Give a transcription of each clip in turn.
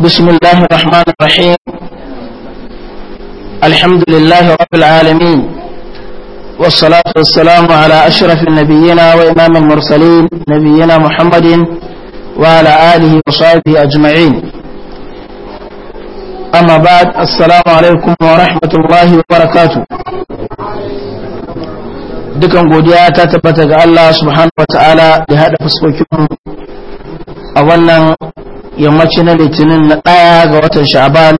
بسم الله الرحمن الرحيم الحمد لله رب العالمين والصلاة والسلام على أشرف النبيين وإمام المرسلين نبينا محمد وعلى آله وصحبه أجمعين أما بعد السلام عليكم ورحمة الله وبركاته dukan godiya ta tabbata ga Allah subhanahu wa ta'ala da haɗa fuskokinmu a wannan yammacin na litinin na ɗaya ga watan sha'aban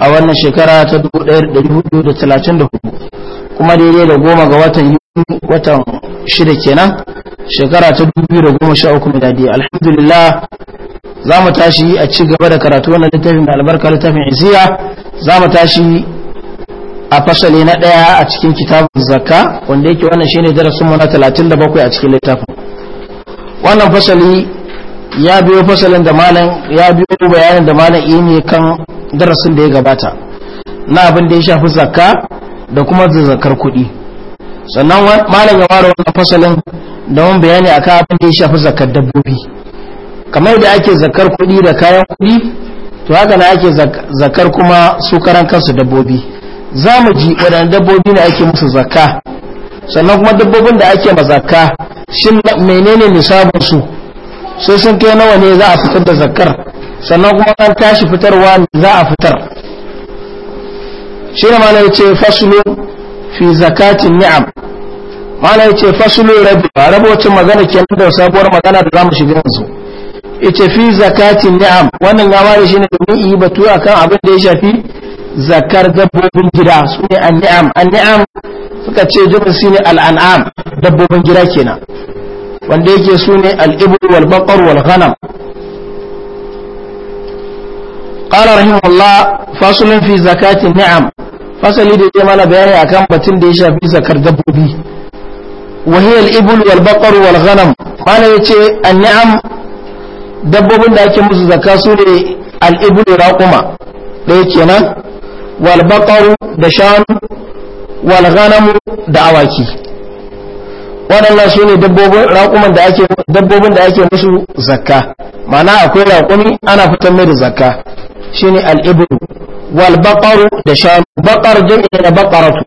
a wannan shekara ta 1434 kuma daidai da goma ga watan yuni watan shida kenan shekara ta 2013 miladi alhamdulillah za mu tashi a ci gaba da karatu wannan littafin da albarka littafin isiya za mu tashi a fasali na ɗaya a cikin kitabun zakka wanda yake wannan shine darasin mu na 37 a cikin littafin wannan fasali ya biyo fasalin da malam ya biyo bayanin da malam yi ne kan darasin da ya gabata na abin da ya shafi zakka da kuma zakar kuɗi sannan malam ya ware wannan fasalin da wani bayani akan abin da ya shafi zakar dabbobi kamar da ake zakar kuɗi da kayan kuɗi to haka na ake zakar kuma su karan kansu dabbobi za mu ji waɗannan dabbobi ne ake musu zakka sannan kuma dabbobin da ake zakka shin menene nisabin su sai sun kai nawa ne za a fitar da zakar sannan kuma an tashi fitarwa za a fitar shi ne mana yace faslu fi zakatin ni'am mana yace faslu rabi rabocin magana kenan da sabuwar magana da zamu shiga yanzu yace fi zakatin ni'am wannan ya ware shi ne domin yi batu akan abin da ya shafi zakar dabbobin gida su ne an ni'am an ni'am suka ce jibin shi ne al'an'am dabbobin gida kenan wanda yake su ne al'ibir wal baqar wal ghanam fasulun fi zakati ni'am fasali da zai mana bayani akan batun da ya shafi zakar dabbobi wa hiya walbaƙar ibul mana ya ce a yace niam dabbobin da ake musu zakka su ne al-ibul raquma da kenan wal da shanu wal da awaki waɗannan su ne da dabbobin da ake musu zakka mana akwai raƙumi ana fitar mai da zakka shi ne ibru wal baqaru da shanu baqar jami'i da baƙaratu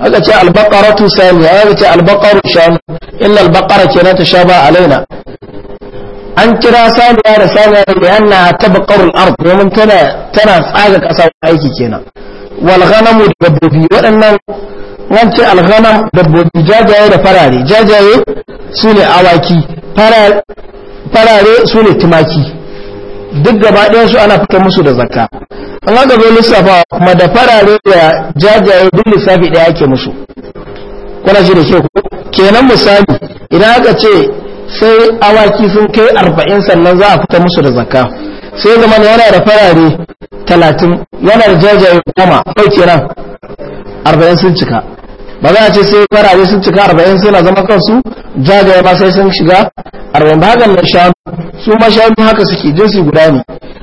aka ce albaƙaratu baqaratu sami yi ce albaƙaru shanu illa al-baqara kenan ta shaba alaina an kira saniya da saniya da yana tabaqarul ard domin tana tana tsaga kasa aiki kenan wal da dabbobi waɗannan wance ce alghana dabbobi jajaye da farare jajaye su ne awaki farare su ne tumaki duk gaba ɗayan su ana fitar musu da zakka an haka zai lissafa kuma da farare da jajaye duk lissafi ɗaya ake musu kuna shi da ke ku kenan misali idan aka ce sai awaki sun kai arba'in sannan za a fita musu da zakka sai zaman yana da farare talatin yana da jajaye goma kai kenan arba'in sun cika ba za a ce sai kwaraye sun cika arba'in suna zama kansu jagaya ba sai sun shiga arba'in ba hakan nan shanu su ma shanu haka suke jinsi guda ne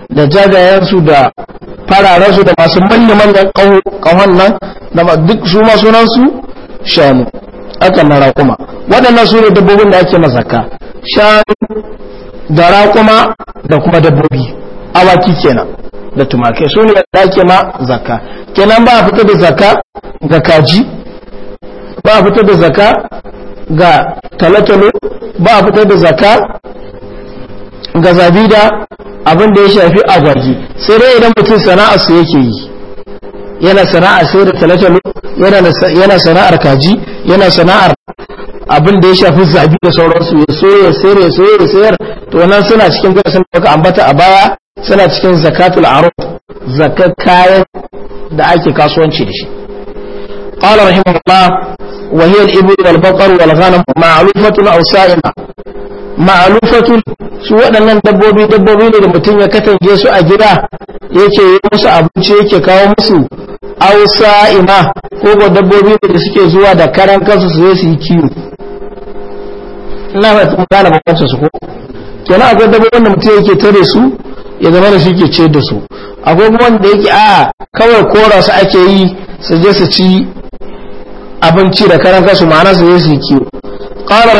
da jagayensu da fararensu da masu manya manyan kawon nan da duk su ma sunansu shanu akan na raƙuma waɗannan su ne dabbobin da ake masaka shanu da raƙuma da kuma dabbobi awaki kenan da tumakai su ne da ake ma zakka kenan ba a fita da zakka ga kaji ba a fitar da zaka ga talatalo ba a fitar da zaka ga zabi da abin da ya shafi agwarji sai dai idan mutum sana'arsa yake yi yana sana'ar sai da talatalo yana sana'ar kaji yana sana'ar abin da ya shafi zabi da sauransu ya soya ya sayar ya soya ya sayar to wannan suna cikin gasan da ambata a baya suna cikin zakatul arab zakat kayan da ake kasuwanci da shi قال رحمه الله وهي الإبل su waɗannan dabbobi dabbobi ne da mutum ya katange su a gida yake yi musu abinci yake kawo musu ausa ima ko dabbobi ne da suke zuwa da karan kansu su zai su yi kiwo ina ba ta gane su ko kenan akwai dabbobin da mutum yake tare su ya zama da shi ce da su akwai kuma wanda yake a kawai kora su ake yi su je su ci abinci da karan kasu ma'ana su zai kiwo qala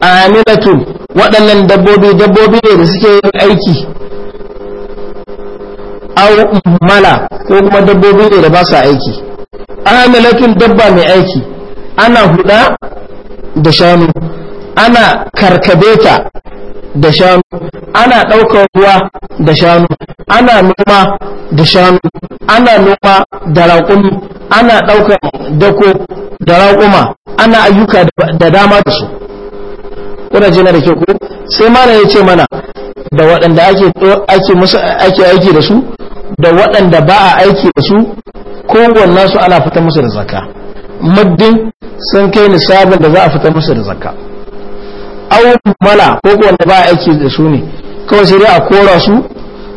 a aminatun waɗannan dabbobi dabbobi ne da suke yin aiki au mala ko kuma dabbobi ne da ba su aiki Aminatun dabba mai aiki ana huda da shanu ana karkabeta da shanu ana ɗaukar ruwa da shanu ana noma da shanu ana noma da raƙumi ana ɗaukar dako da raƙuma ana ayyuka da dama da su kuna jina da ke ku sai mana ya ce mana da waɗanda ake aiki da su da waɗanda ba a aiki da su kowanne su ana fita musu da zakka muddin sun kai nisabin da za a fita musu da zakka awon mala ko wanda ba a aiki da su ne kawai sai dai a kora su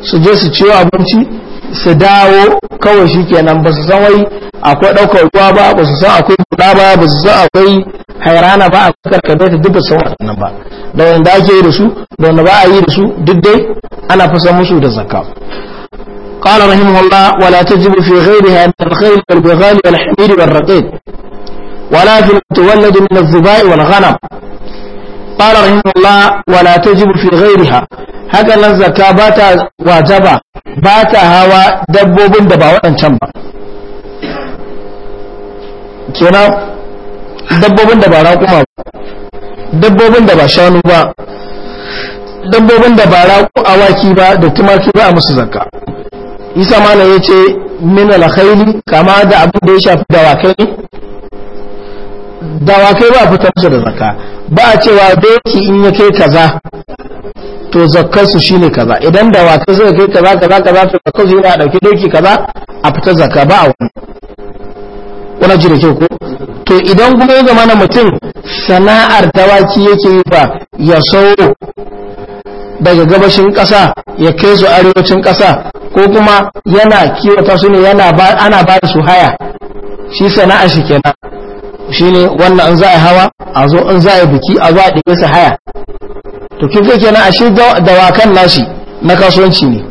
su je su ciwo abinci su dawo kawai shikenan ba su san wai akwai ɗaukar ruwa ba ba su san akwai buɗa ba ba su san akwai hairana ba a karkade ta duk ba san ba da wanda ake yi da su da wanda ba a yi da su duk dai ana fasa musu da zakka قال رحمه الله ولا تجب في غيرها من الخيل والبغال والحمير والرقيق ولا في المتولد من الظباء والغنم قال رحمه الله ولا تجب في غيرها هذا nan zakka ba ta wajaba ba ta hawa dabbobin da ba waɗancan ba dabbobin da dabbobin da ba da awaki ba da tumaki ba a musu zakka isa mana ya ce min alkhairi kama da abin da ya shafi dawakai Da dawakai ba fitar su da zakka ba a cewa doki in ya kai kaza to zakkar shine kaza idan da kai zai kai kaza kaza kaza to zakka zai da dauki doki kaza a fitar zakka ba a wani wani ji da ko to idan kuma ya zama na mutum sana'ar dawaki yake yi ba ya sauro daga gabashin kasa ya kai su arewacin ƙasa ko kuma yana kiwata su ne yana ana ba su haya shi sana'a shi kenan ne wannan an za a hawa a zo an za a biki a zo a ɗaya su haya to kin zai kenan ashe dawakan nashi na kasuwanci ne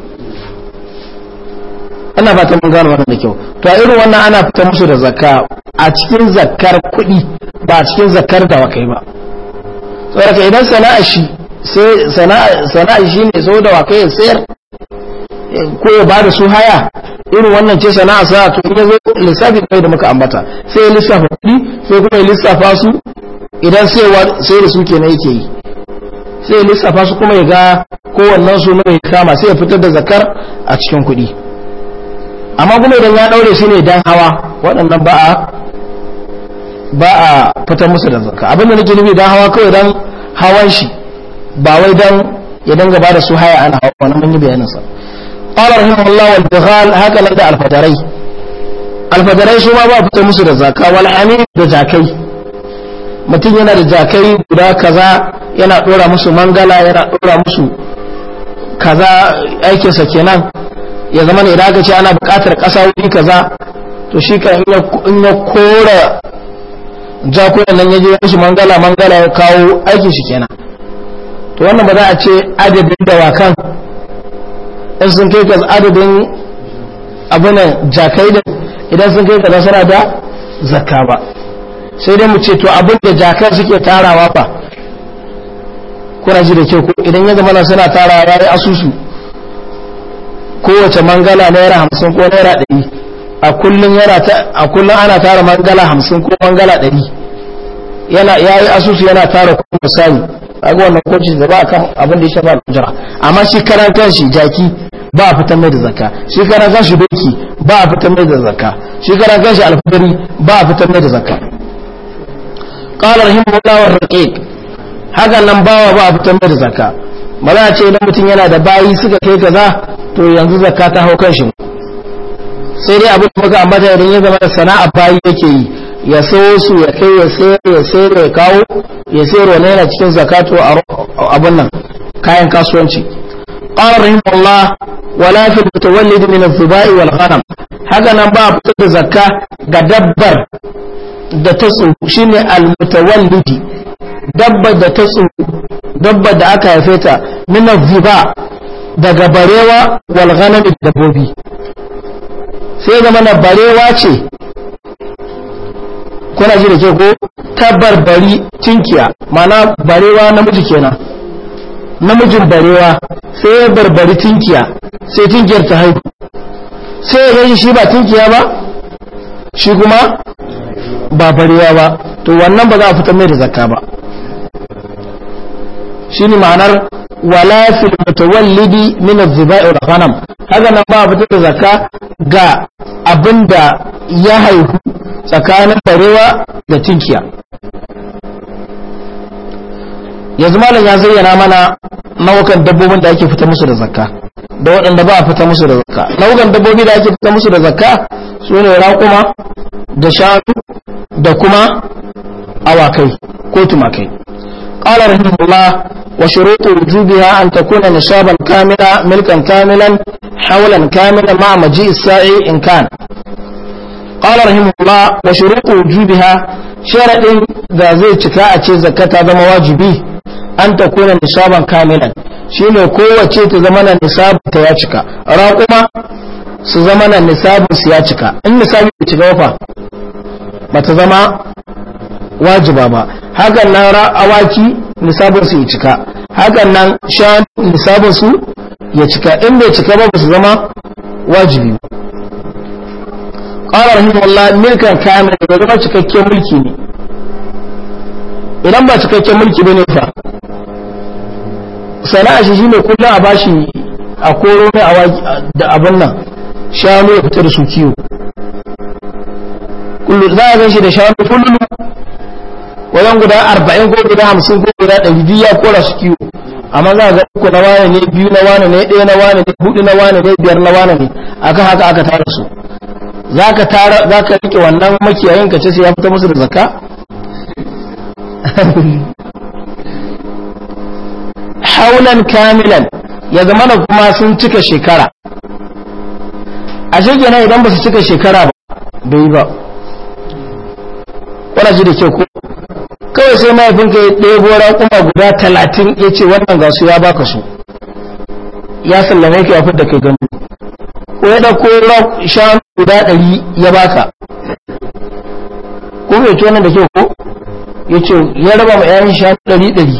ana fatan mun gano wannan da kyau to a irin wannan ana fitar musu da zakka a cikin zakkar kuɗi ba a cikin zakkar dawakai ba tsoraka idan sana'a shi sai sana'a shi ne sau dawakai ya sayar ko ya bada su haya irin wannan ce sana'a sa to ita zo lissafi kai da muka ambata sai ya lissafa kuɗi sai kuma ya lissafa su idan sai da su kenan yake yi sai ya lissafa su kuma ya ga kowannen su mai kama sai ya fitar da zakar a cikin kuɗi amma kuma idan ya ɗaure shi ne dan hawa waɗannan ba a ba a fitar musu da zakka abin da nake nufi dan hawa kawai dan hawan shi ba wai dan ya dinga ba da su haya ana hawa wani mun yi bayanin sa qala rahimahullah wal dighal haka nan da alfadarai alfadarai su ma ba fita musu da zakka wal amir da jakai, mutum yana da jakai guda kaza yana dora musu mangala yana dora musu kaza aikinsa kenan ya zama ne da aka ce ana buƙatar ƙasa wuri kaza to shi ka in ya kora jakunan nan ya je musu mangala mangala ya kawo aikin kenan to wannan ba za a ce adadin dawakan in sun kai ka adadin abinan jakai da idan sun kai ka nasara da zakka ba sai dai mu ce to abin da jakai suke tarawa fa kuna ji da kyau ko idan ya zama suna tarawa ya yi asusu kowace mangala naira hamsin ko naira ɗari a kullum a kullum ana tara mangala hamsin ko mangala ɗari yana ya yi asusu yana tara kuma misali ga wannan kwanci da ba a kan abin da ya shafa jira amma shi karan kanshi jaki ba a fitar mai da zaka shekara kana shi doki ba a fitar mai da zaka shekara kana shi alfadari ba a fitar mai da zaka ƙalar rahimahullah wa raqiq haka nan bawa ba a fitar mai da zakka mala ce idan mutum yana da bayi suka kai kaza to yanzu zaka ta hau kanshi sai dai abin da muka ambata idan ya zama da sana'a bayi yake yi ya sayo su ya kai ya sayar ya sayar ya kawo ya sayar wani yana cikin zakatu a abun nan kayan kasuwanci قال رحمه الله ولا تتولد من الذباء والغنم هذا نبا فتر زكاة قدبر da ta tsohu shi ne almutawallidi dabba da ta tsohu dabba da aka haife ta minar ziba daga barewa walganan dabbobi sai zama na barewa ce kuna ji da ke ko tabar bari tinkiya mana barewa namiji kenan namijin barewa sai ya barbari tinkiya sai tinkiyar ta haihu sai ya gani shi ba tinkiya ba shi kuma ba barewa ba to wannan ba za a fita mai da zakka ba shi ne ma'anar wala fil mutawallidi min az-ziba'i wal ghanam haka nan ba a fita da zakka ga abinda ya haihu tsakanin barewa da tinkiya yanzu malam ya zayyana mana nau'ukan dabbobin da ake fita musu da zakka da waɗanda ba a fita musu da zakka nau'ukan dabbobi da ake fita musu da zakka su ne raƙuma da shanu da kuma awakai ko tumakai qala rahimahullah wa shurutu wujubiha an takuna nishaban kamila milkan kamilan hawlan kamila ma maji sa'i in kana قال رحمه الله وشروط وجوبها zai cika a ce zakka ta zama wajibi. an ta kuna nisaban kamilan ne kowace ta zama na nisabin ta ya cika raƙuma su zama na nisabin su ya cika in nisabi ya cika wafa ba ta zama wajiba ba hakan nan awaki nisabin su ya cika hakan nan shanu nisabin su ya cika in bai cika ba ba su zama wajibi qala rahimahullah milkan kamil da zama cikakken mulki ne idan ba cikakken mulki bane fa sana'a shi shine kullum a bashi a koro mai da abin nan shanu ya fita da su kiwo Kullum za a ganshi da shanu fululu wajen guda 40 ko guda 50 ko guda 100 biyu ya kora su kiwo amma za a ga uku na wane ne biyu na wane ne ɗaya na wane ne hudu na wane ne biyar na wane ne aka haka aka tara su za ka tara za ka rike wannan makiyayin ka ce sai ya fita musu da zakka haulan kamilan ya zama da kuma sun cika shekara a na idan ba su cika shekara ba bai ba shi da ke ko kawai sai mahaifinka ya ɗebo kuma guda talatin ya ce wannan ga su ya baka su ya sallame ka ya da ka gani ko ya ɗauko shanu guda ɗari ya baka ko bai ke nan da ke ko ya ce ya raba ma 'ya'yan shanu ɗari ɗari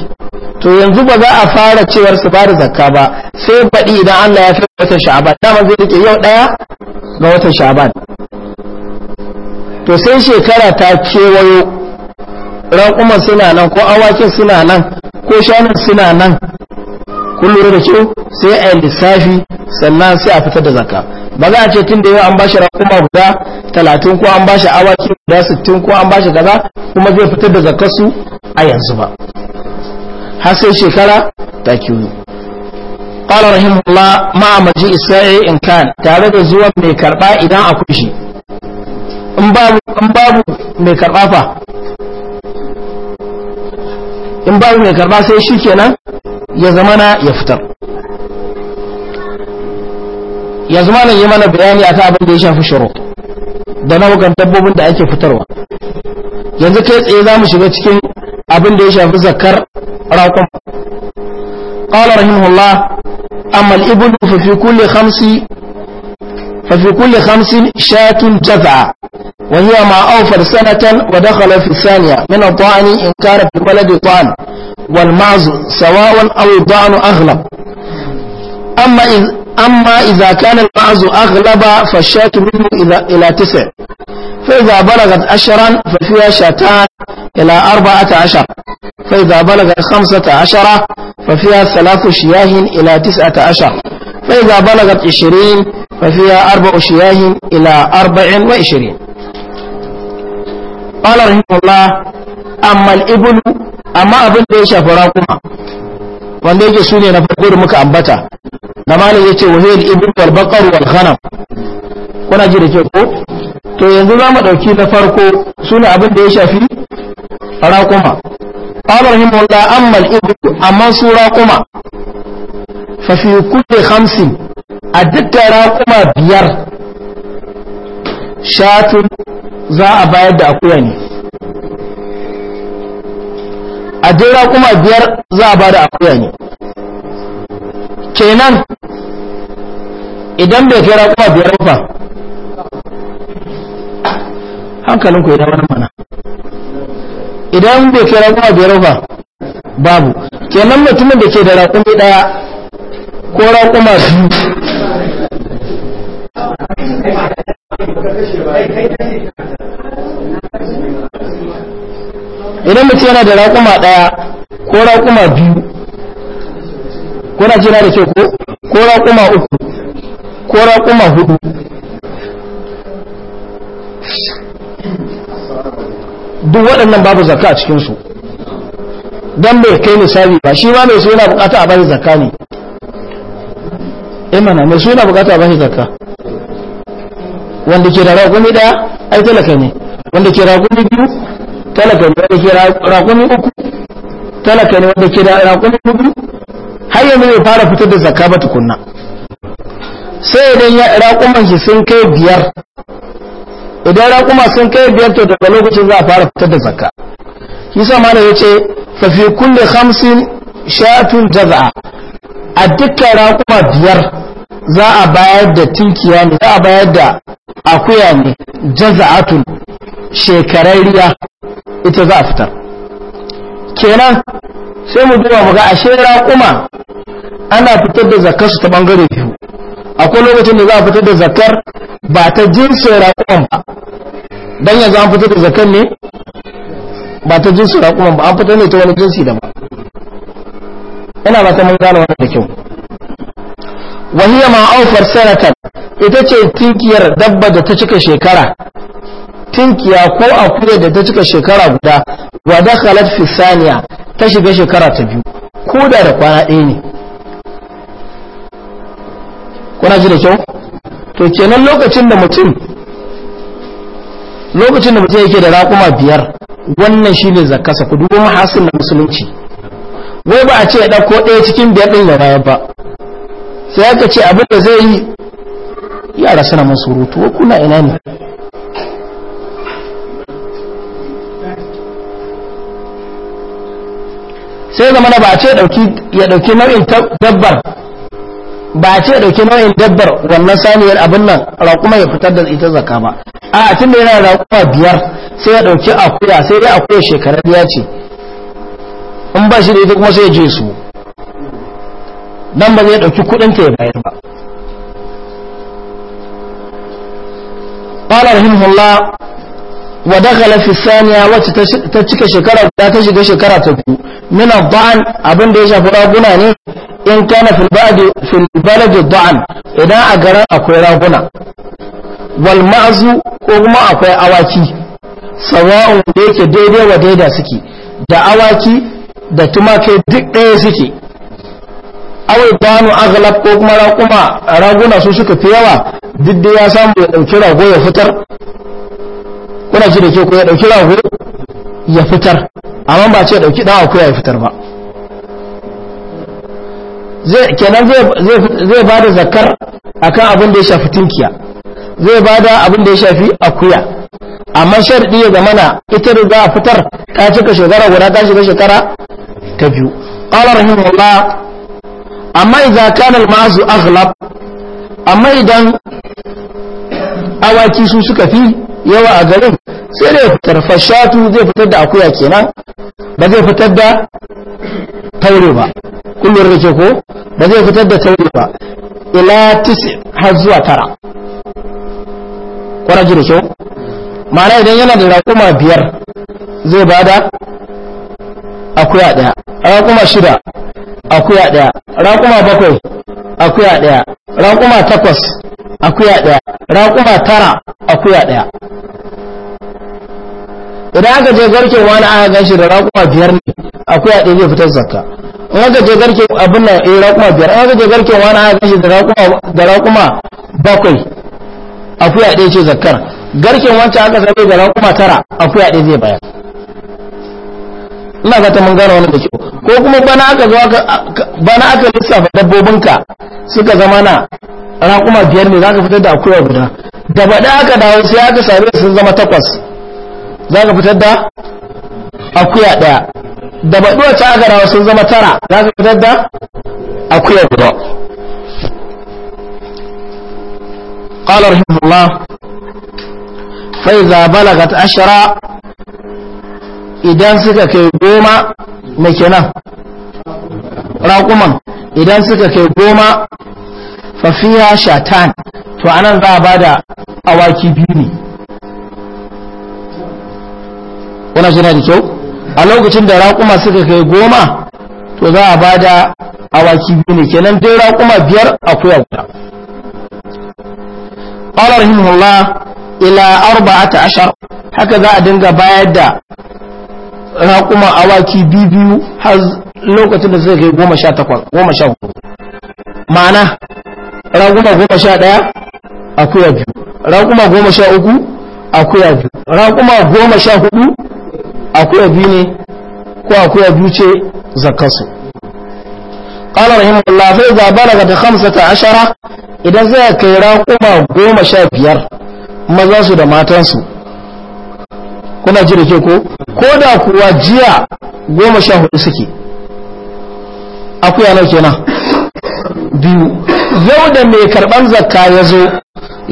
to yanzu ba za a fara cewar su bada zakka ba sai baɗi idan Allah ya fi watan sha'aban dama zai rike yau ɗaya ga watan sha'aban to sai shekara ta kewayo raƙuman suna nan ko awakin suna nan ko shanun suna nan kun lura da kyau sai a yi lissafi sannan sai a fitar da zakka ba za a ce tun da yau an bashi raƙuma guda talatin ko an bashi awaki guda sittin ko an bashi gaza kuma zai fitar da su a yanzu ba har sai shekara ta kiwo qala rahimullah ma maji isa'i in kan tare da zuwa mai karba idan akwai shi in babu in babu mai karba fa in babu mai karba sai shi kenan ya zama na ya fitar ya zama na yi mana bayani a ta abin da ya shafi shiro da nau'ukan dabbobin da ake fitarwa yanzu kai tsaye za mu shiga cikin abin da ya shafi zakar قال رحمه الله أما الإبل ففي كل خمس ففي كل خمس شاة جذعة وهي ما أوفر سنة ودخل في الثانية من الطعن إن كان في البلد طعن والمعز سواء أو الطعن أغلب أما إذ amma iza kana al-ba'zu aghlaba fa shatu minhu ila tis'a fa iza balagat asharan fa fiha shatan ila arba'ata ashar fa iza ashara fa fiha thalathu shiyahin ila tis'ata ashar fa ishirin fa fiha arba'u shiyahin ila arba'in wa ishirin qala rahimahullah amma al amma abin da ya shafi raquma wanda yake su ne na farko da muka ambata da malam ya ce hiyal ibn wal baqar wal ghanam kuna ji da ke ko to yanzu za mu dauki na farko sune abin da ya shafi raquma qala rahimahullah amma al ibn amma su raquma fa fi kulli khamsin a dukkan raquma biyar shatun za a bayar da akuya ne a duk raquma biyar za a bayar da akuya ne kenan idan bai kai raƙuma biyar ba hankalin ku idan wani mana idan bai kai raƙuma biyar ba babu kenan mutumin da ke da raƙumi ɗaya ko raƙuma biyu idan mutum yana da raƙuma ɗaya ko raƙuma biyu ko na jira da ke ko ko raƙuma uku ko raƙuma hudu duk waɗannan babu zakka a cikinsu don bai kai misali ba shi ma mai su yana bukata a bani zakka ne imana eh mai su yana bukata a bani zakka wanda ke da raƙumi ɗaya ai talaka ne wanda ke raƙumi biyu talaka ne wanda ke raƙumi uku talaka ne wanda ke da raƙumi hudu har yanzu bai fara fitar da zakka ba tukunna sai idan ya raƙuman shi sun kai biyar idan raƙuma sun kai biyar to daga lokacin za a fara fitar da zakka yasa mana ya ce fa fi kulli khamsin shatun jaza'a a dukkan raƙuma biyar za a bayar da tinkiya ne za a bayar da akuya ne tun shekararriya ita za a fitar kenan sai mu duba muga ashe raƙuma ana fitar da zakar su ta bangare biyu akwai lokacin da za a fitar da zakar ba ta jinsin raƙon ba don yanzu an fitar da zakar ne ba ta jinsin raƙon ba an fitar ne ta wani jinsi da ba ina ba ta mun gane wani da kyau wahiyar ma'aufar sanatar ita ce tinkiyar dabba da ta cika shekara tinkiya ko akuya da ta cika shekara guda wa dakhalat fi saniya ta shiga shekara ta biyu ko da da kwana ɗaya ne kuna ji da kyau to kenan lokacin da mutum lokacin da mutum yake da raƙuma biyar wannan shine zakasa ku dubo mahasin na musulunci wai ba a ce ya ɗauko ɗaya cikin biyar ɗin ya bayar ba sai aka ce abin da zai yi yara suna man surutu wa kuna ina ne sai zama na ba a ce ya ɗauki nau'in dabbar ba a ce dauki nau'in dabbar wannan saniyar abin nan raƙuma ya fitar da ita zaka ba a tun da yana raƙuma biyar sai ya dauki akuya sai dai akuya shekara biya ce in ba shi da ita kuma sai ya je su dan ba zai dauki kuɗin ta ya bayar ba saniya wa wacce ta cika shekara ta shiga shekara ta biyu? Min شكرة abin da ya shafi raguna ne. in kana fil baladi da'an idan a garin akwai raguna wal ma'azu ko kuma akwai awaki sawa'un da yake daidai wa daida suke da awaki da tumakai duk ɗaya suke awai banu aghlab ko kuma raguna raguna su suka fi yawa duk da ya samu ya dauki rago ya fitar kuna ji da ke ko ya dauki rago ya fitar amma ba ce dauki dan akwai ya fitar ba kenan zai ba da zakar a kan abin da ya shafi tunkiya zai ba da abin da ya shafi akuya amma sharɗi ya zamana ita za a fitar ta cika shekara guda ta shiga shekara ta biyu ƙala rahimahullah amma idan kana al-ma'azu aghlab amma idan awaki su suka fi yawa a garin sai da ya fitar fashatu zai fitar da akuya kenan ba zai fitar da taure ba kullum da ke ko ba zai fitar da taure ba ila tisi har zuwa tara kwanaji da kyau ma'ana idan yana da raƙuma biyar zai ba da akuya ɗaya raƙuma shida akuya ɗaya raƙuma bakwai akuya ɗaya raƙuma takwas akuya ɗaya raƙuma tara akuya ɗaya idan aka je garke wani aka gan shi da raƙuma biyar ne akuya ɗaya zai fitar zakka in aka je garke abin nan eh raƙuma biyar in aka je garke wani aka gan shi da raƙuma bakwai akuya ɗaya ce zakkar garken wancan aka zabe da raƙuma tara akuya ɗaya zai bayar ina fata mun gane wannan da kyau ko kuma bana aka zo bana aka lissafa dabbobinka suka zama na raƙuma biyar ne zaka fitar da akuya guda da bada aka dawo sai aka same sun zama takwas zaka fitar da akuya ɗaya da baɗi ta aka dawo sun zama tara zaka fitar da akuya guda قال رحمه الله فإذا بلغت عشرة idan suka kai goma mai kenan raƙuman idan suka kai goma fafiya shatan to anan za a ba da awaki biyu ne wana shi da kyau a lokacin da raƙuma suka kai goma to za a ba da awaki biyu ne kenan dai raƙuma biyar akwai guda ƙwarar himmallah ila arba'ata ashar haka za a dinga bayar da raƙuma awaki biyu har lokacin da zai kai goma sha takwas goma sha hudu ma'ana raƙuma goma sha ɗaya akuya biyu raƙuma goma sha uku akuya biyu raƙuma goma sha hudu akuya biyu ne ko akuya biyu ce zakarsu قال رحمه الله فإذا بلغت خمسة عشرة إذا زي كيرا قما قوم شابير مزاسو دماتنسو kuna ji da ke ko ko da kuwa jiya goma sha hudu suke akuya nau kenan biyu yau da mai karban zakka ya zo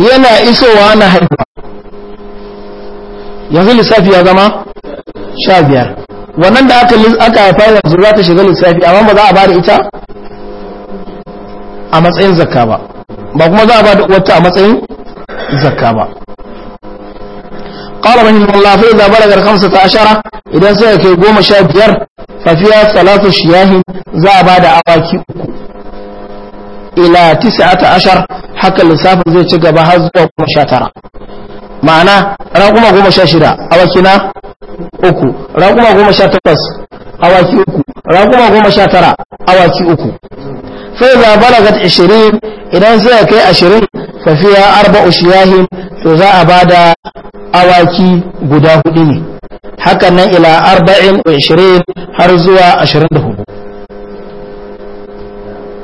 yana isowa na haihuwa yanzu lissafi ya zama sha biyar wannan da aka haifa yanzu za ta shiga lissafi amma ba za a ba da ita a matsayin zakka ba ba kuma za a ba da uwarta a matsayin zakka ba qala rahimahullah fa idza balaga al-15 idan sai kai 15 fa fiya salatu shiyahin za a bada awaki uku ila 19 haka lissafin zai ci gaba har zuwa 19 ma'ana raƙuma 16 awaki na uku raƙuma 18 awaki uku raƙuma 19 awaki uku fa idza balagat 20 idan sai kai ashirin. fafiya arba'u shiyahin to za a bada awaki guda hudu ne hakan nan ila arba'in wa ishirin har zuwa ashirin da hudu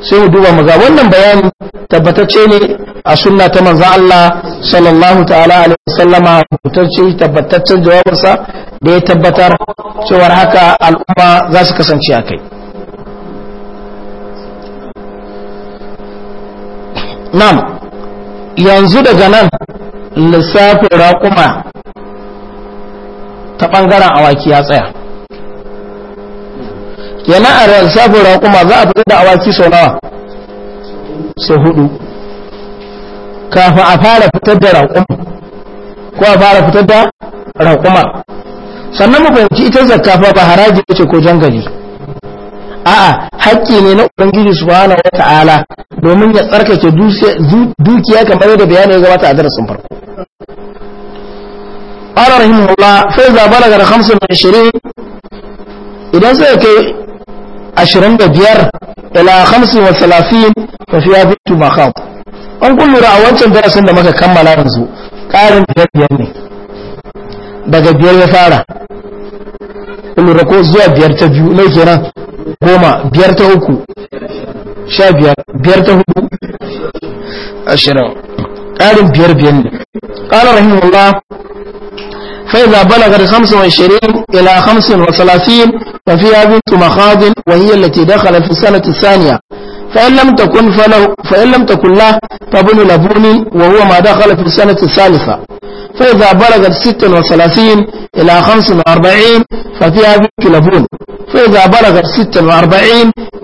sai mu duba maza wannan bayani tabbatacce ne a sunna ta manza Allah sallallahu ta'ala alaihi wasallama rubutacce tabbataccen jawabarsa da ya tabbatar cewa haka al'umma za su kasance a kai na'am yanzu daga nan lissafin raƙuma ta ɓangaren awaki ya tsaya yana a lissafin raƙuma za a fito da awaki sau nawa su hudu kafin a fara fitar da raƙuma ko a fara fitar da raƙuma sannan mu fahimci ita zakka fa ba haraji ce ko jangali a'a haƙƙi ne na ubangiji subhanahu wata'ala domin ya tsarkake dukiya kamar yadda bayani ya gabata a darasin farko قال رحمه hamsin فإذا بلغ الخمس من عشرين إذا سيكي عشرين بيار إلى خمس وثلاثين ففي bitu ما خاض an kullu da a wancan darasin da muka kammala yanzu ƙarin biyar biyar ne daga biyar ya fara kullu da ko zuwa biyar ta biyu mai kenan goma biyar ta uku sha biyar biyar ta hudu ashirin ƙarin biyar biyar ne ƙarar rahimullah فإذا بلغت 25 إلى 35 ففيها بنت مخاض وهي التي دخلت في السنة الثانية فإن لم تكن, فله فإن لم تكن له فابن لبون وهو ما دخل في السنة الثالثة فإذا بلغت 36 إلى 45 ففيها بك لبون فإذا بلغت 46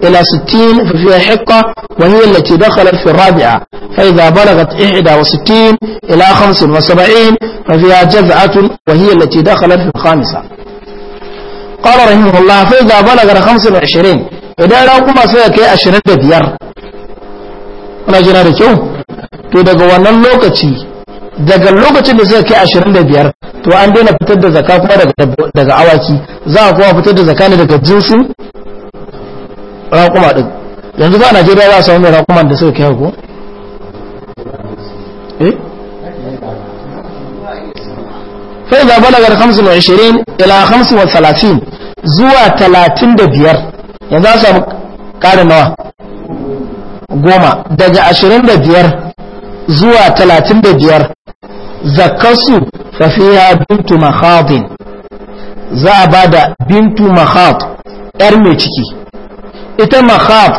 إلى 60 ففيها حقة وهي التي دخلت في الرابعة فإذا بلغت 61 إلى 75 ففيها جذعة وهي التي دخلت في الخامسة قال رحمه الله فإذا بلغت 25 إذا لو كما سيكي أشرد ديار جنالك يوم to daga wannan lokaci daga lokacin da suka kai 25 to an daina fitar da zakka kuma daga awaki za a kuma fitar da zakka ne daga jinsin rakuma ɗin yanzu ba a najeriya za a samu rakuman da suka kai ko eh? فإذا بلغ ال 25 ila 35 zuwa 35 yanzu za a samu ƙarin nawa goma daga 25 zuwa talatin da biyar zakasu fafiya bintu makhadin za a ba da bintu makhad yar mai ciki ita makhad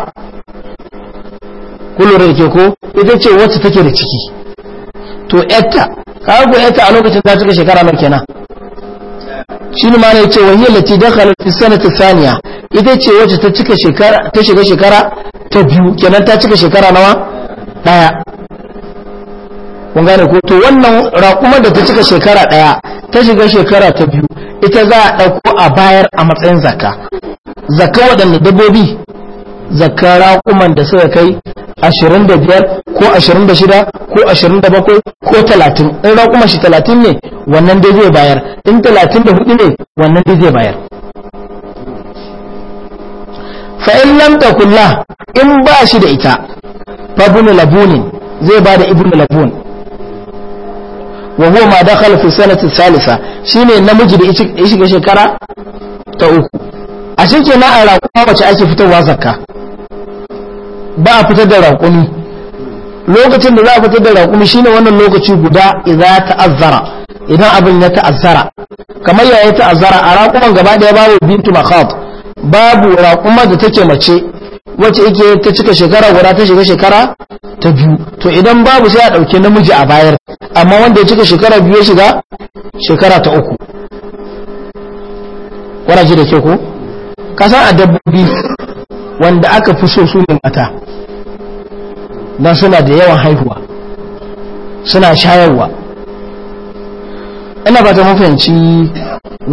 kullu ke ko ita ce wacce take da ciki to yatta kawo yatta a lokacin ta cika shekara mai kenan shi ne mana ne ce wahiyar don halittu fi ta saniya? ita ce wacce ta cika shekara ta shiga shekara ta biyu kenan ta cika shekara nawa daya kun gane ko to wannan raƙuman da ta cika shekara ɗaya ta shiga shekara ta biyu ita za a ɗauko a bayar a matsayin zakka zakka waɗanda dabbobi zakka raƙuman da suka kai 25 ko 26 ko 27 ko 30 in raƙuman shi 30 ne wannan dai zai bayar in 34 ne wannan dai zai bayar fa'in lam takulla in ba shi da ita fa labunin zai ba da ibn labun wa huwa ma dakhala fi sanati salisa shine namiji da ya shiga shekara ta uku a shike na a raƙuma wacce ake fitarwa zakka ba a fitar da raƙumi lokacin da za a fitar da raƙumi shine wannan lokaci guda idza ta'azzara idan abin ya ta'azzara kamar ya ta'azzara a raƙuman gaba ɗaya babu bintu makhat babu raƙuma da take mace wacce yake ta cika shekara guda ta shiga shekara ta biyu to idan babu sai a ɗauke namiji a bayar amma wanda ya cika shekara biyu ya shiga shekara ta uku ji da ke ko kasan a dabbobi wanda aka fi so su ne mata don suna da yawan haihuwa suna shayarwa ina ba ta mafiyanci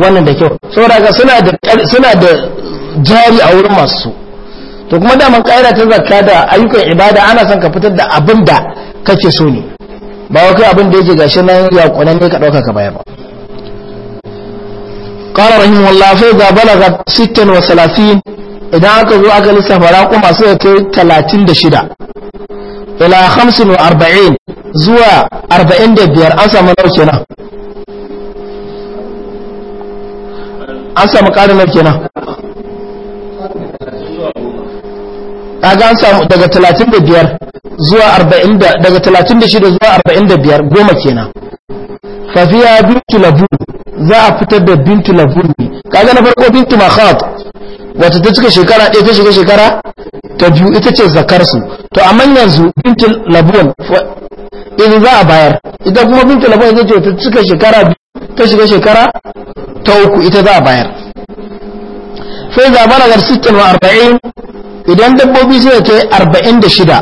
wannan da kyau saboda suna da jari a wurin masu to kuma daman ƙa'ida ta zakka da ayyukan ibada ana son ka fitar da abin da kake so ne ba wa kai abin da yake gashi nan ya kunan ne ka ɗauka ka baya ba ƙara rahimu ga fa ga balaga 36 idan aka zo aka lissafa raƙuma sai kai 36 ila 45 zuwa 45 an samu nau kenan an samu ƙarin nau kenan kaga an samu daga 35 zuwa 40 daga 36 zuwa 45 goma kenan fa fiya bintu labun za a fitar da bintu labun kaga na farko bintu makhat wata ta cika shekara ɗaya ta shiga shekara ta biyu ita ce zakar su to amma yanzu bintu labun idan za a bayar ita kuma bintu labun ita ce ta cika shekara biyu ta shiga shekara ta uku ita za a bayar Sai فإذا بلغ wa وأربعين idan dabbobi zai kai arba'in da shida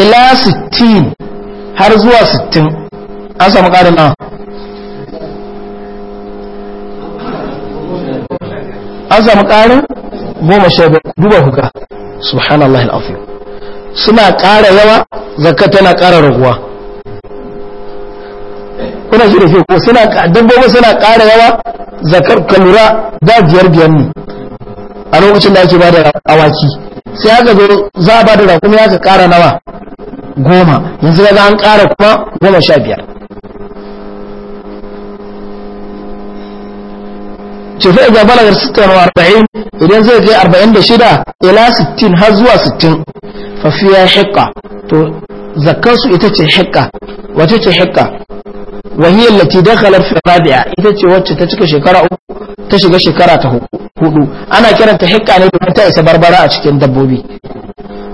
ila sittin har zuwa sittin an samu ƙarin nan an samu ƙarin goma sha duba huka subhanallah al'afi suna ƙara yawa zakka tana ƙara raguwa kuna shi da ke ko suna dabbobi suna ƙara yawa zakar kalura da biyar biyar ne a lokacin da ake ba da awaki sai aka zo za a ba da rakumi aka ƙara nawa goma yanzu ga an ƙara kuma goma sha biyar cefa idan balagar arba'in idan zai kai shida ila sittin har zuwa sittin fafiya hikka to zakansu ita ce hikka wace ce hikka wahiyar lati dakalar fi rabi'a ita ce wacce ta cika shekara uku ta shiga shekara ta hudu ana kiranta hikka ne domin ta isa barbara a cikin dabbobi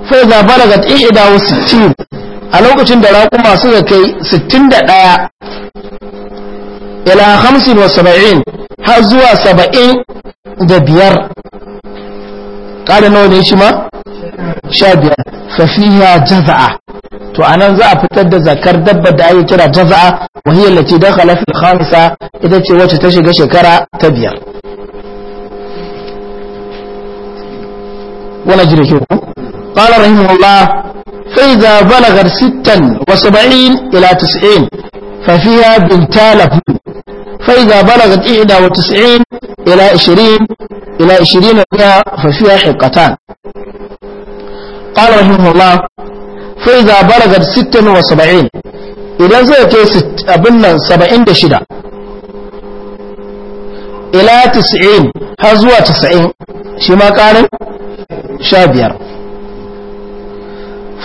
fa idza balagat ihda wa sittin a lokacin da raƙuma suka kai 61 ila 75 har zuwa 75 ƙada nawa ne shi ma 15 ففيها جزعة تو وأنا أفتد ذكر دب دعي ترى جزعة وهي التي دخل في الخامسة إذا تواجه تشك شكرا تبير ولا شوه. قال رحمه الله فإذا بلغ ستا وسبعين إلى تسعين ففيها بنتالب فإذا بلغت إحدى وتسعين إلى عشرين إلى عشرين فيها ففيها حقتان قال رحمه الله فإذا بلغت ستة وسبعين إذا زيت أبنى سبعين دشدة إلى تسعين هزوة تسعين شما قال شابير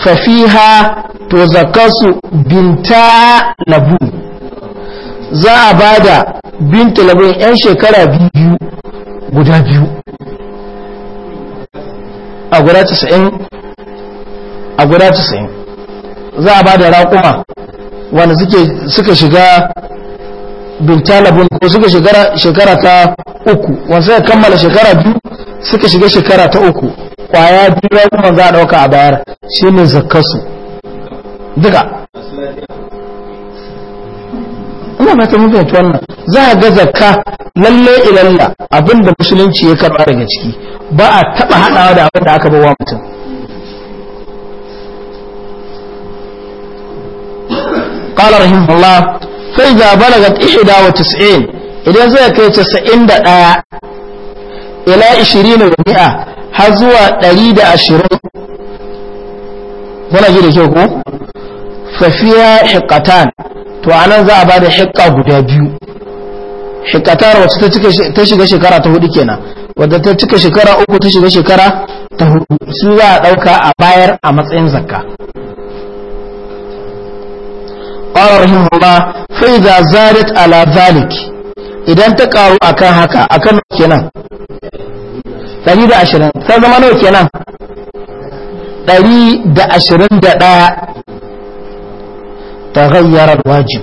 ففيها تزكس بنتا لبون za a ba da binta labin 'yan shekara biyu guda biyu a guda a guda 90 za a ba da raƙuma wanda suka shiga bintalabun ko suka shiga shekara ta uku wanda suka kammala shekara biyu suka shiga shekara ta uku kwaya biyu raƙuma za a ɗauka a bayar shi ne zakkasu duka ina ba ta mafi wannan za a ga zakka lalle ilalla abinda musulunci ya karɓa daga ciki ba a taɓa haɗawa da abin da aka bawa mutum qala rahimahullah fa idza balagat 91 idan zai kai 91 ila 20 wa mi'a har zuwa 120 muna ji da ke ko fa fiya hiqatan to anan za a bada hiqqa guda biyu hikatar wacce ta shiga shekara ta hudu kenan wadda ta cika shekara uku ta shiga shekara ta hudu su za a ɗauka a bayar a matsayin zakka qala rahimahullah fa idza zadat ala idan ta ƙaru akan haka akan kenan 120 ta zama nawa kenan 121 taghayyarar wajib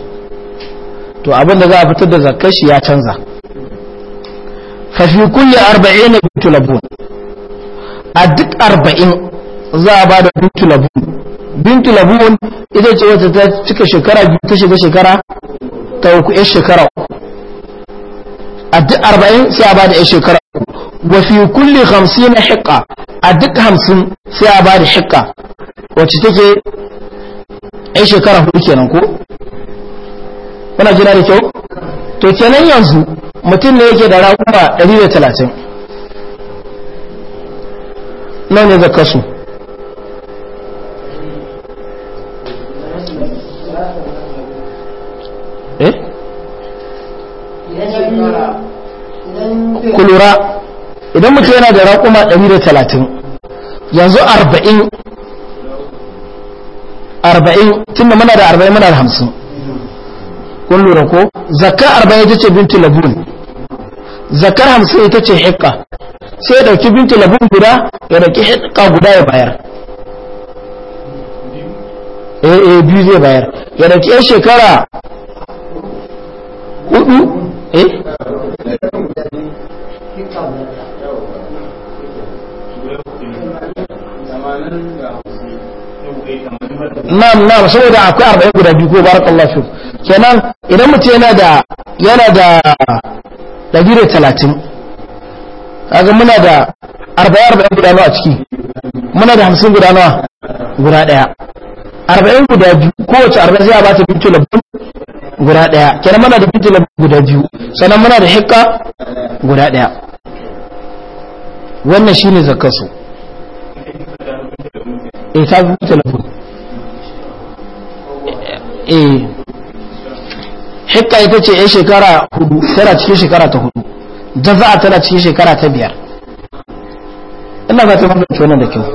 to abinda za a fitar da zakar shi ya canza fa fi 40 a duk 40 za a bada bintu labu bintu labun ita ce wata ta cika shekara biyu ta shiga shekara ta uku yan shekara a duk arba'in sai a bada yan shekara wa fi kulli hamsin na shiƙa a duk hamsin sai a bada shiƙa wacce take yan shekara hudu kenan ko kuna gina da kyau to kenan yanzu mutum ne yake da raƙuma 130 nan ne zaka su Eh? kulura idan mutum yana da raƙuma 130 yanzu 40 40 da muna da 40 muna da 50 kun lura ko zakar 40 ya ce bintu labun zakar 50 ita ce hikka sai ya dauki bintu labun guda ya dauki hikka guda ya bayar eh, eh biyu zai bayar ya dauki yan shekara hudu eh na na'am saboda akwai arba'in guda biyu ko barakallah shi kenan idan mutum yana da yana da ɗari da talatin kaga muna da arba'in guda nawa ciki muna da hamsin guda nawa guda ɗaya arba'in guda biyu kowace arba'in zai a bata bintu labbun guda ɗaya kenan muna da bintu labbun guda biyu sannan muna da hikka guda ɗaya wannan shine zakasu. eh ta bintu labbun eh, eh hikka ita ce 'yan shekara hudu tana cikin shekara ta hudu jaza'a tana cikin shekara ta biyar ina ba ta mafi wannan da kyau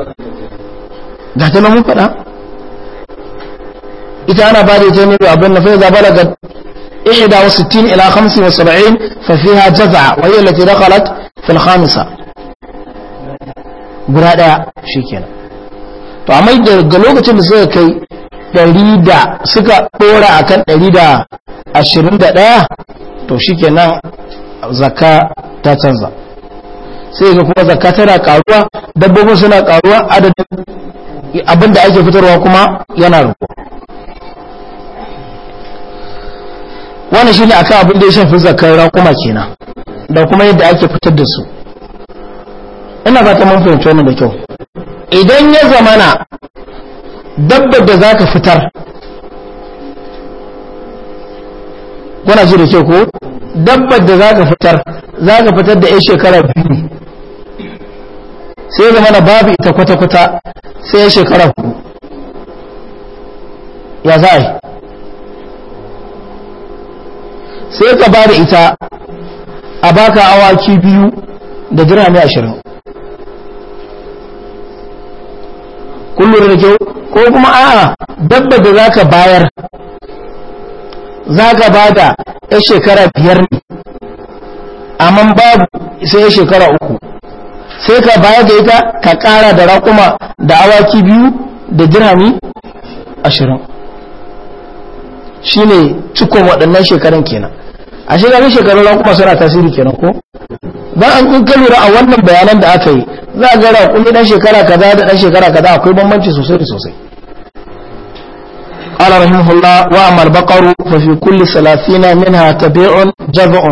ga ta mun faɗa ita ana ba da ita ne da abin na faiza balaga 61 ila 75 fa fiha jaza wa hiya lati dakhalat fi al-khamisa guda daya shikenan to amma daga lokacin da suka kai 100 da suka ashirin akan 121 to shikenan zakka ta canza sai ga kuma zakka tana karuwa dabbobin suna karuwa adadin abinda ake fitarwa kuma yana rukuwa wannan shine akan abin da ya shafi zakar raƙuma kenan da kuma yadda ake fitar da su ina ta mun fahimci wannan da kyau idan ya zamana dabbar da zaka fitar kuna ji da kyau ko dabbar da zaka fitar zaka fitar da 'yan shekara biyu sai zamana babu ita kwata-kwata sai 'yan shekara hudu ya za a yi sai ka ba da ita a baka awaki biyu da dirhami ashirin kullum da kyau ko kuma a'a dabba da za ka bayar za ka ba da ya shekara biyar ne amma babu sai ya shekara uku sai ka bayar da ita ka kara da raƙuma da awaki biyu da dirhami ashirin shine cikon waɗannan shekarun kenan a shekarun shekarun raƙuma suna tasiri kenan ko ba an kun kalura a wannan bayanan da aka yi za a ga raƙumi ɗan shekara kaza da ɗan shekara kaza akwai bambanci sosai da sosai قال رحمه الله وأما البقر ففي كل ثلاثين منها تبيع جذع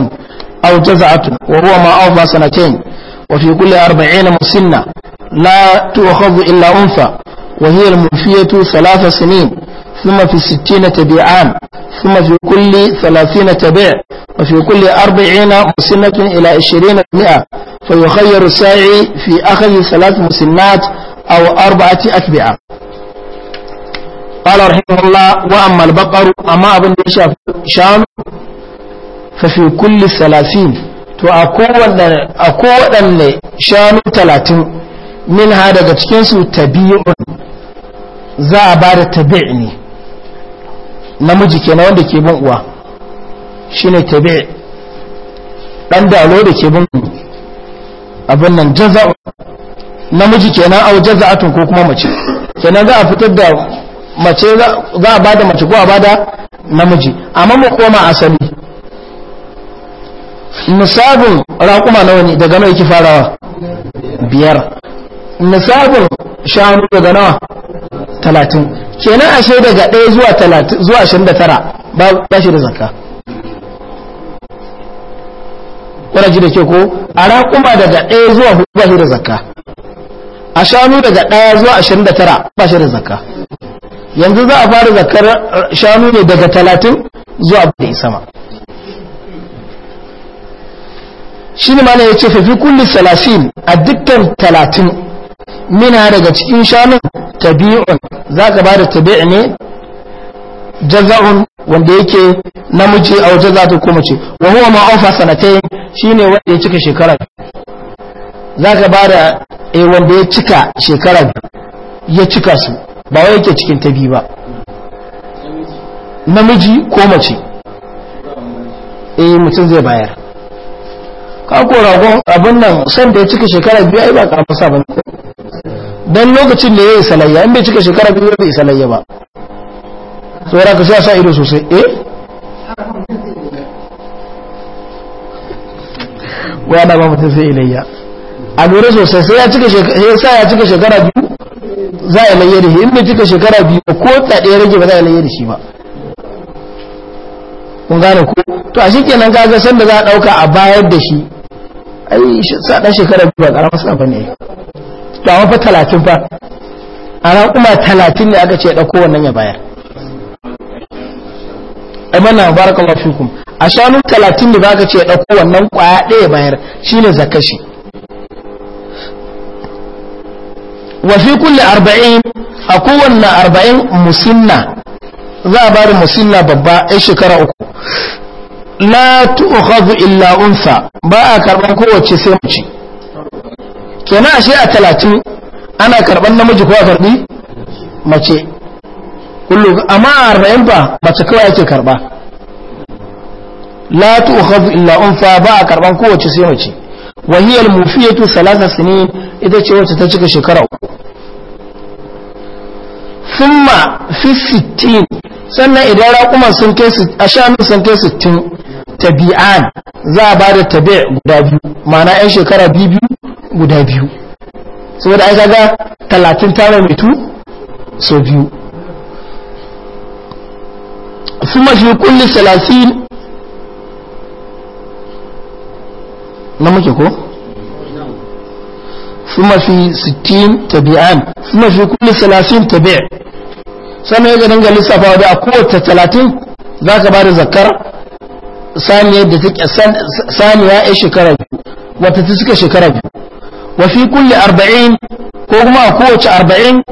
أو جزعة وهو ما أوفى سنتين وفي كل أربعين مسنة لا تؤخذ إلا أنثى وهي المنفية ثلاث سنين ثم في ستين تبيعان ثم في كل ثلاثين تبيع وفي كل أربعين مسنة إلى عشرين مئة فيخير الساعي في أخذ ثلاث مسنات أو أربعة أتبعة قال رحمه الله وأما البقر أما أبن شام ففي كل ثلاثين to أن شام ثلاثين من هذا ha تبيع ذا tabi'un تبعني namiji kenan wanda ke bin uwa shine tabi' dan dalo da ke bin abin nan jaza'u namiji kenan au jaza'atun ko kuma mace kenan za a fitar da mace za a bada mace ko a bada namiji amma mu koma asali nisabin raƙuma nawa ne daga nawa ki farawa biyar nisabin shanu daga nawa talatin kenan ashe daga ɗaya zuwa talatin zuwa ashirin da tara ba shi da zakka kuna ji da ke ko a raƙuma daga ɗaya zuwa hudu ba shi da zakka a shanu daga ɗaya zuwa ashirin da tara ba shi da zakka yanzu za a fara zakkar eh, shanu ne daga talatin zuwa da sama shi ne mana ya ce fafi kulli salasin a dukkan talatin mina daga cikin shanun tabi'un za ka ba da tabi' ne jaza'un wanda yake namiji a wajen zata ko mace wa huwa ma aufa sanatai shine wanda ya cika shekarar? za ka ba da eh, wanda ya cika shekarar ya cika su ba wai yake cikin tabi ba namiji ko mace eh mutum zai bayar ka ko ragon abin nan san da ya cika shekara biyu ai ba karamar sa ba ne don lokacin da ya yi salayya in bai cika shekara biyu bai salayya ba saboda ka sha sa ido sosai eh wa da ba mutum sai ilayya a lura sosai sai ya cika shekara sai ya cika shekara biyu za a layya da shi in bai cika shekara biyu ko ta ɗaya rage ba za a layya da shi ba kun gane ko to a shikenan kaga san da za a dauka a bayar da shi ai sa dan shekara biyu ba karamar sa bane ba wafa talatin fa a ran kuma talatin ne aka ce ya ɗauko wannan ya bayar amana barakallahu fikum a shanu talatin ne baka ce ya ɗauko wannan kwaya ɗaya bayar shine zakashi wa fi kulli arba'in a kowanne arba'in musinna za a bari musinna babba ɗan shekara uku la tu'khadhu illa unsa ba a karban kowace sai mace kenan ashe a talatin ana karɓar namiji ko a mace kullu amma a arba'in ba mace kawai ake karba la tu'khadhu illa unfa ba a karban kowace sai mace wa hiya al-mufiyatu thalatha sinin ita ce wacce ta cika shekara uku thumma fi sittin sannan idan raƙuman sun kai ashanu sun kai sittin tabi'an za a ba da tabi' guda biyu ma'ana 'yan shekara biyu guda biyu saboda ai kaga talatin tara mai tu so biyu kuma fi kulli salasin na muke ko kuma fi sittin tabi'an kuma fi kulli salasin tabi' sannan ya ga dinga lissafa wadda a kowace talatin za ka ba da zakar saniya da take saniya ya shekara biyu wata ta suka shekara biyu wa fi kulli arba'in ko kuma a kowace arba'in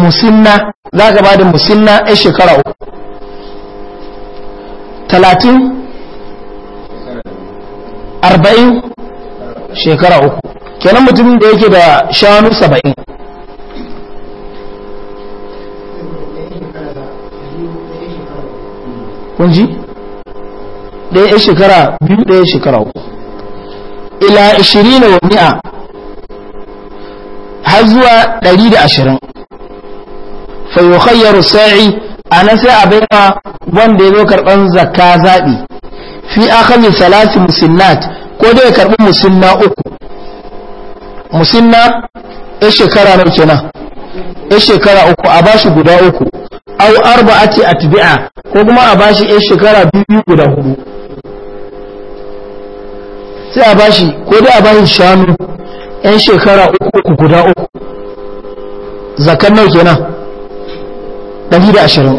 musinna za ka ba da musinna ya shekara uku talatin arba'in shekara uku kenan mutumin da yake da shanu saba'in kunji ɗaya shekara biyu ɗaya shekara uku ila 20 wa mi'a har zuwa 120 fa yukhayyaru sa'i ana sai a baiwa wanda ya zo karban zakka zabi fi akhadhi salasi musinnat ko dai karbi musinna uku musinna a shekara nawa kenan a shekara uku a bashi guda uku aw arba'ati atbi'a ko kuma a bashi a shekara biyu guda hudu sai a bashi ko dai a bashi shanu 'yan shekara uku guda uku zakar nau kenan 120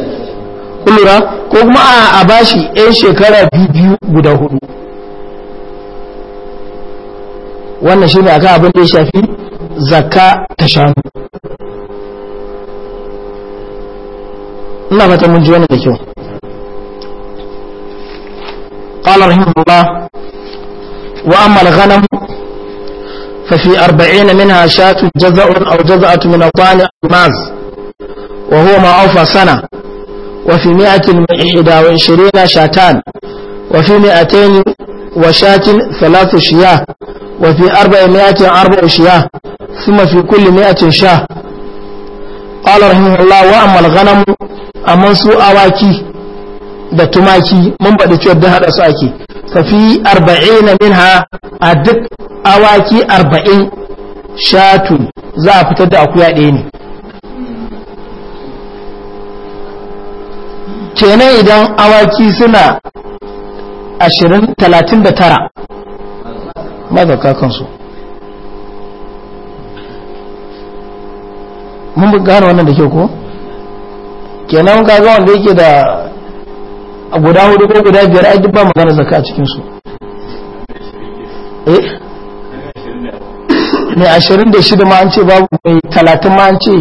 kullura ko kuma a bashi 'yan shekara biyu guda hudu wannan shi ne aka abin da ya shafi zakka ta shanu ina fata mun ji wani da kyau قال رحمه الله وأما الغنم ففي أربعين منها شاة جزء أو جزءة من أطان الماز وهو ما أوفى سنة وفي مائة وإحدى وعشرين شاتان وفي مائتين وشاة ثلاث شياه وفي أربع مئة أربع شياه ثم في كل مائة شاه قال رحمه الله وأما الغنم أمن سوء أواكي da tumaki mun faɗi cewa don haɗa su ake safi arba'in na minha a duk awaki arba'in shatu za a fitar da akuya ɗaya ne kenan idan awaki suna ashirin talatin da tara mazaka kansu mun gano wannan da ke ko kenan ga wanda yake da a guda hudu ko guda biyar a duk ba magana zaka a cikin su eh mai ashirin da shida ma an ce babu mai talatin ma an ce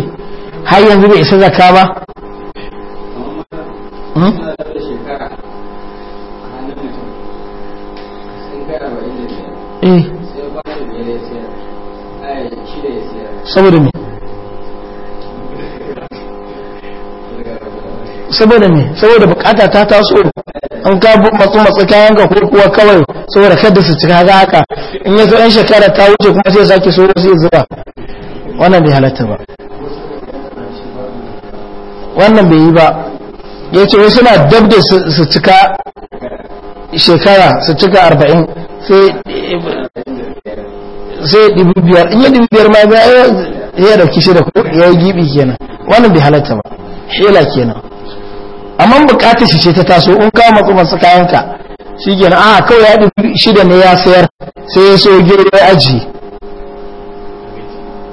har yanzu bai isa zaka ba hmm? eh. saboda me saboda ne saboda bukata ta taso an ka matsu matsu kayan ga kuwa kawai saboda kada su cika ga haka in yi yan shekara ta wuce kuma sai sake so sai zuwa wannan bai halatta ba wannan bai yi ba ya ce wasu na dab da su cika shekara su cika arba'in sai dubu biyar in yi dubu biyar ma ya da kishi da ya yi gibi kenan wannan bai halatta ba shela kenan amma buƙatar shi ce ta taso in ka matsu masu kayanka shi gina a ah, kawai ya ɗin shida ne ya sayar sai ya so gero ya aji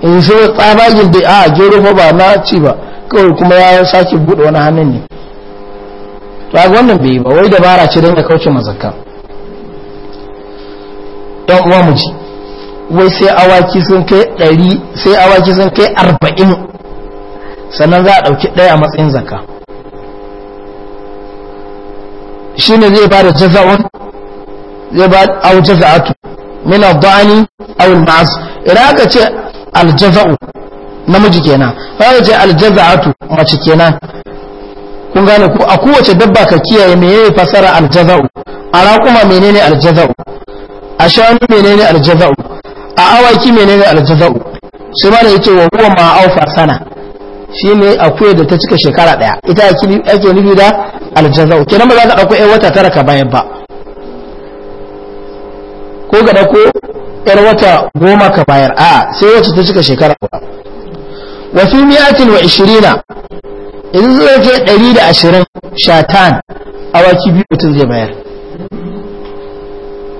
in eh, so tsabagin da a ah, gero fa ba na ci ba kawai kuma ya sake buɗe wani hannun ne to ga wannan bai ba wai dabara ce don ya kauce mazaka don uwa mu ji wai sai awaki sun kai ɗari sai awaki sun kai arba'in sannan za a ɗauki ɗaya a matsayin zakka shi ne zai ba da jaza'un zai ba au jaza'atu min al-da'ani aw ira ka ce aljaza'u namiji kenan ba ce aljaza'atu mace kenan kun gane ku a kowace dabba ka kiyaye menene fasara aljaza'u? jazau a menene aljaza'u? a shanu menene aljaza'u? a awaki menene aljaza'u? jazau sai ma da yace wa huwa ma au fasana Shi ne akuya da ta cika shekara daya ita ake nufi da aljazau kenan ba za ka dauko yar wata tara ka bayan ba ko ga dauko yar wata goma ka bayar a sai wacce ta cika shekara ba wa fi mi'atin wa ishirina idan zai ke ɗari da ashirin shatan awaki biyu mutum zai bayar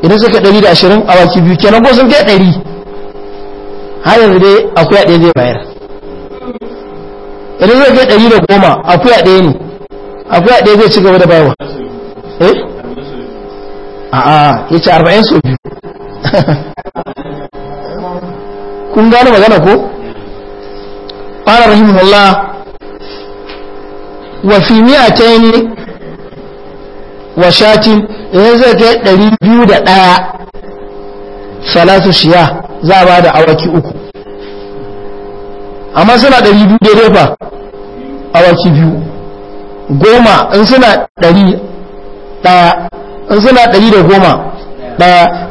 idan suka ɗari da ashirin awaki biyu kenan ko sun kai ɗari har yanzu dai akwai ɗaya zai bayar idan zai kai ɗari da goma akuya ɗaya ne akuya ɗaya zai ci gaba da bawa eh a'a ya ci arba'in sau biyu kun gane magana ko ƙwarar rahimahullah wa fi ta ne wa shatin idan zai kai ɗari biyu da ɗaya salatu shiya za a ba da awaki uku amma suna ɗari biyu ba a waki biyu goma in suna ɗari ɗaya in suna ɗari da goma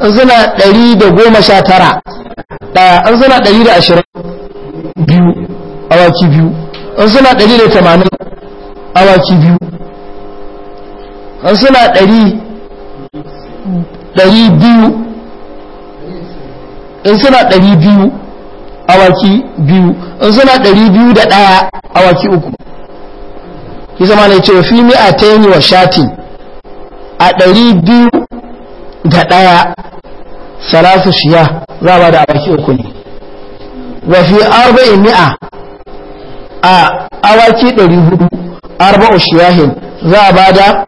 in suna ɗari da sha tara in suna ɗari da ashirin biyu waki biyu in suna ɗari da tamanin biyu in suna ɗari ɗari biyu in suna ɗari biyu awaki biyu in suna ɗari biyu da ɗaya awaki uku ki zama ne cewa fi mi ta yi wa shatin a ɗari biyu da ɗaya salasu shiya za ba da awaki uku ne wa fi arba'in mi'a a awaki ɗari hudu arba'u shiyahin za a ba da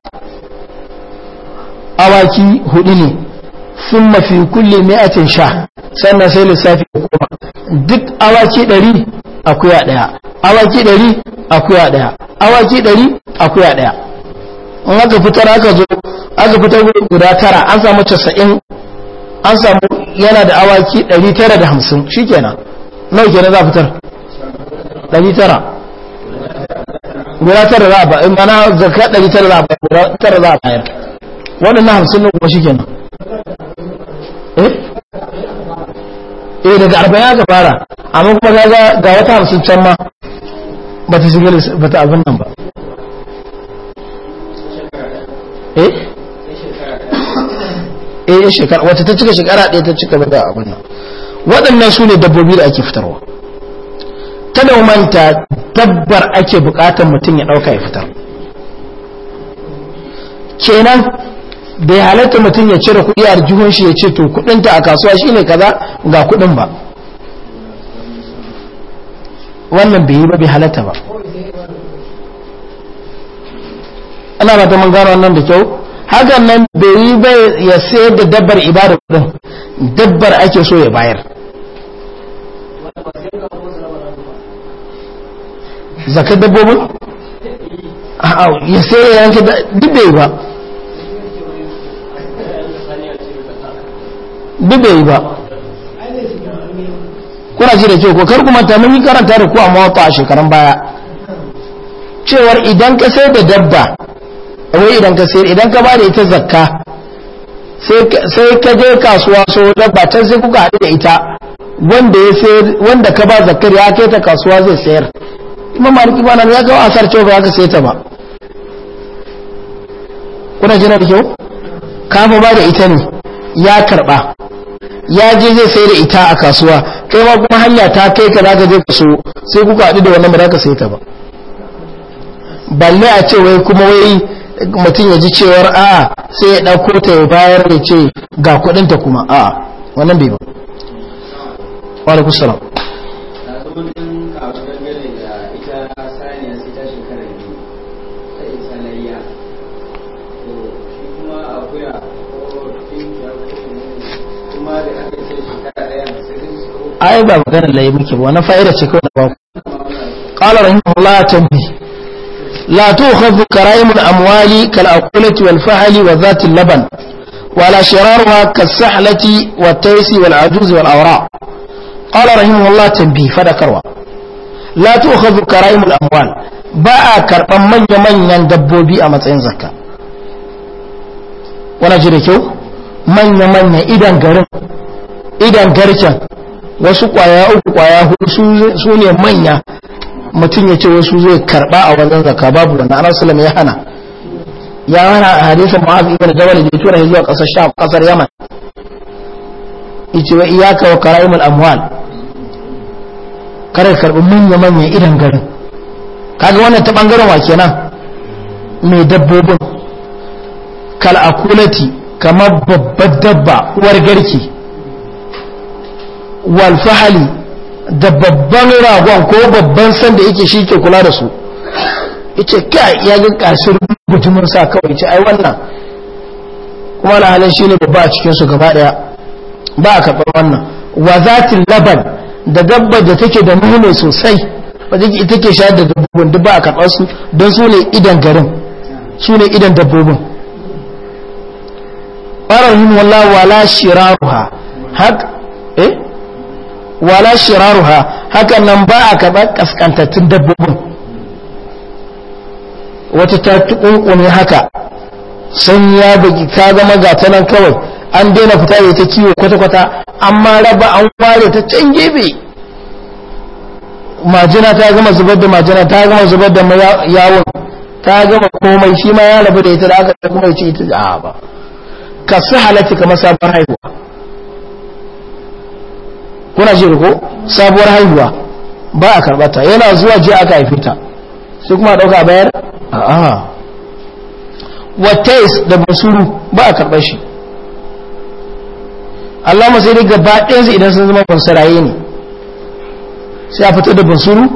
awaki hudu ne sun mafi kulle mi'atin sha sannan sai lissafi ya koma duk awaki ɗari akuya ɗaya awaki ɗari akuya ɗaya awaki ɗari akuya ɗaya in aka fitar aka zo aka fitar guda tara an samu casa'in an samu yana da awaki ɗari tara da hamsin shi kenan nau kenan za a fitar ɗari tara guda tara za a bayar mana zaka ɗari tara za a bayar guda tara za a bayar waɗannan hamsin ne kuma shi kenan eh eh daga arba'in ya fara amma kuma ga ga wata hamsin can ma ba ta shiga ba ta abin nan ba eh eh shekara wata ta cika shekara ɗaya ta cika ba da abin nan waɗannan su ne dabbobi da ake fitarwa kada manta dabbar ake buƙatar mutum ya ɗauka ya fitar kenan bai halatta mutum ya cire kuɗi a aljihun shi ya ce to kuɗinta a kasuwa shine kaza ga kuɗin ba wannan bai yi ba bai halatta ba ana ba ta mangara wannan da kyau hakan nan bai yi ba ya sayar da dabbar ibada kuɗin dabbar ake so ya bayar zakar dabbobin ya sayar yanke duk bai ba bube yi ba kuna ji da kyau ko kar kuma ta mun karanta da ku a mawata a shekaran baya cewar idan ka sai da dabba wai idan ka sai idan ka bada ita zakka sai ka je kasuwa so dabba ta sai kuka haɗu da ita wanda ya sayar wanda ka ba zakkar ya kai ta kasuwa zai sayar imam maliki ba nan ya ga asar cewa ba ka sayar ta ba kuna jina da kyau ka ba da ita ne ya karba ya je zai sayar da ita a kasuwa kai ma kuma hanya ta kai ka zaka je kaso sai kuka haɗu da wannan ba za ka sai ta ba balle a ce wai kuma wai mutum ya ji cewar a sai ya ɗauko ta ya bayar da ce ga kuɗin ta kuma a wannan bai ba wa alaikum salam a ba maganar da ya muke ba na fa'ida ce kawai da ba ku qala rahimahullah tambi la tu'khadhu karaimul amwali kal aqulati wal fahli wa dhatil laban wa la shararha kas sahlati wa taysi wal ajuz wal awra qala rahimahullah tambi fadakarwa la tu'khadhu karaimul amwal ba a karban manyan manyan dabbobi a matsayin zakka wani ji da kyau manya-manya idan garin idan garken wasu kwaya uku kwaya hudu su ne manya mutum ya ce wasu zai karba a wajen zaka babu wannan ana salama ya hana ya hana a hadisin ma'az ibn jabal da tura zuwa kasar sha kasar yaman yace wa iyaka wa karaimul amwal kare karbi manya manya idan garin kaga wannan ta bangaren wa kenan mai dabbobin kal akulati kamar babbar dabba uwar garki Walfahali, da babban ragon ko babban san da yake shi ke kula da su yace kai ya ga kashin gutumar sa kawai ce ai wannan kuma na halin ne babba a cikin su gaba daya ba a karɓar wannan wa zatin laban da dabba da take da muhimmi sosai wadda ita ke shayar da dabbobin duk ba a karɓar su don su ne idan garin su ne idan dabbobin ƙwarar yin wala wala shiraruha hak eh wala shiraruha hakan nan ba a karɓar kaskantattun dabbobin wata ta tukunkumi haka sun ya bugi ta zama gata nan kawai an daina fita da ita kiwo kwata-kwata amma raba an ware ta can gefe majina ta gama zubar da majina ta gama zubar da yawon ta gama komai shi ma ya rabu da ita da aka kuma ce ita ba ka su halatta kamar sabon haihuwa kuna ji ko sabuwar haihuwa ba a karbata yana zuwa ji aka haife ta sai kuma dauka bayar a'a watais da basuru ba a karbar shi Allah ma sai dai gaba ɗayansu idan sun zama bansaraye ne sai a fito da basuru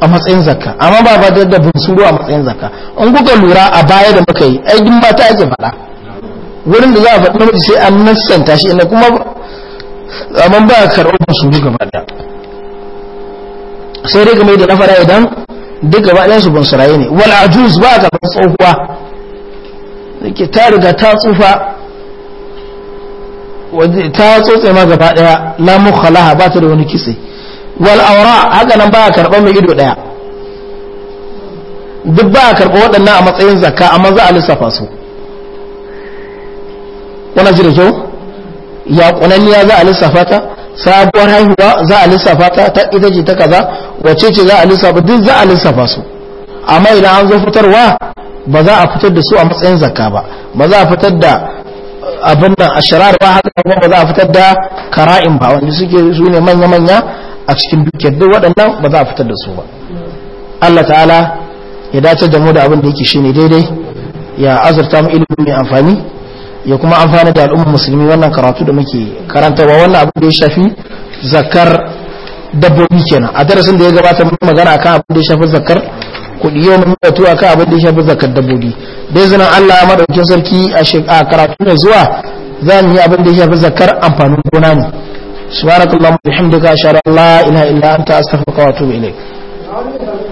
a matsayin zakka amma ba ba da basuru a matsayin zakka in kuka lura a baya da muka yi ai duk mata ake faɗa wurin da za a faɗi namiji sai an nassanta shi inda kuma amma ba a karɓar musulmi gaba da sai dai kamar da na fara idan duk gaba ɗaya su bansuraye ne wal ajuz ba a karɓar tsohuwa ke ta riga ta tsufa ta tsotse ma gaba ɗaya la mukhalaha ba ta da wani kitse wal aura haka nan ba a karɓar mai ido ɗaya duk ba a karɓar waɗannan a matsayin zakka amma za a lissafa su wani ji da kyau ya kunanniya za a lissafa ta sabuwar haihuwa za a lissafa ta ta ita ce ta kaza wace ce za a lissafa duk za a lissafa su amma idan an zo fitarwa ba za a fitar da su a matsayin zakka ba ba za a fitar da uh, abin nan asharar ba haka kuma ba za a fitar da kara'in ba wanda suke su ne manya-manya a cikin dukiyar duk waɗannan ba za a fitar da su ba Allah ta'ala ya dace da mu da abin da yake shine daidai ya azurta mu ilimi mai amfani ya kuma amfana da al'ummar musulmi wannan karatu da muke karantawa wannan abu da ya shafi zakar dabbobi kenan a darasin da ya gabata mun magana akan abin da ya shafi zakar kuɗi yau mun batu akan abin da ya shafi zakar dabbobi dai zanan Allah ya madaukin sarki a karatu mai zuwa za mu yi abin da ya shafi zakar amfanin gona ne subhanakallahumma bihamdika ashhadu an la ilaha illa anta astaghfiruka wa atubu ilayk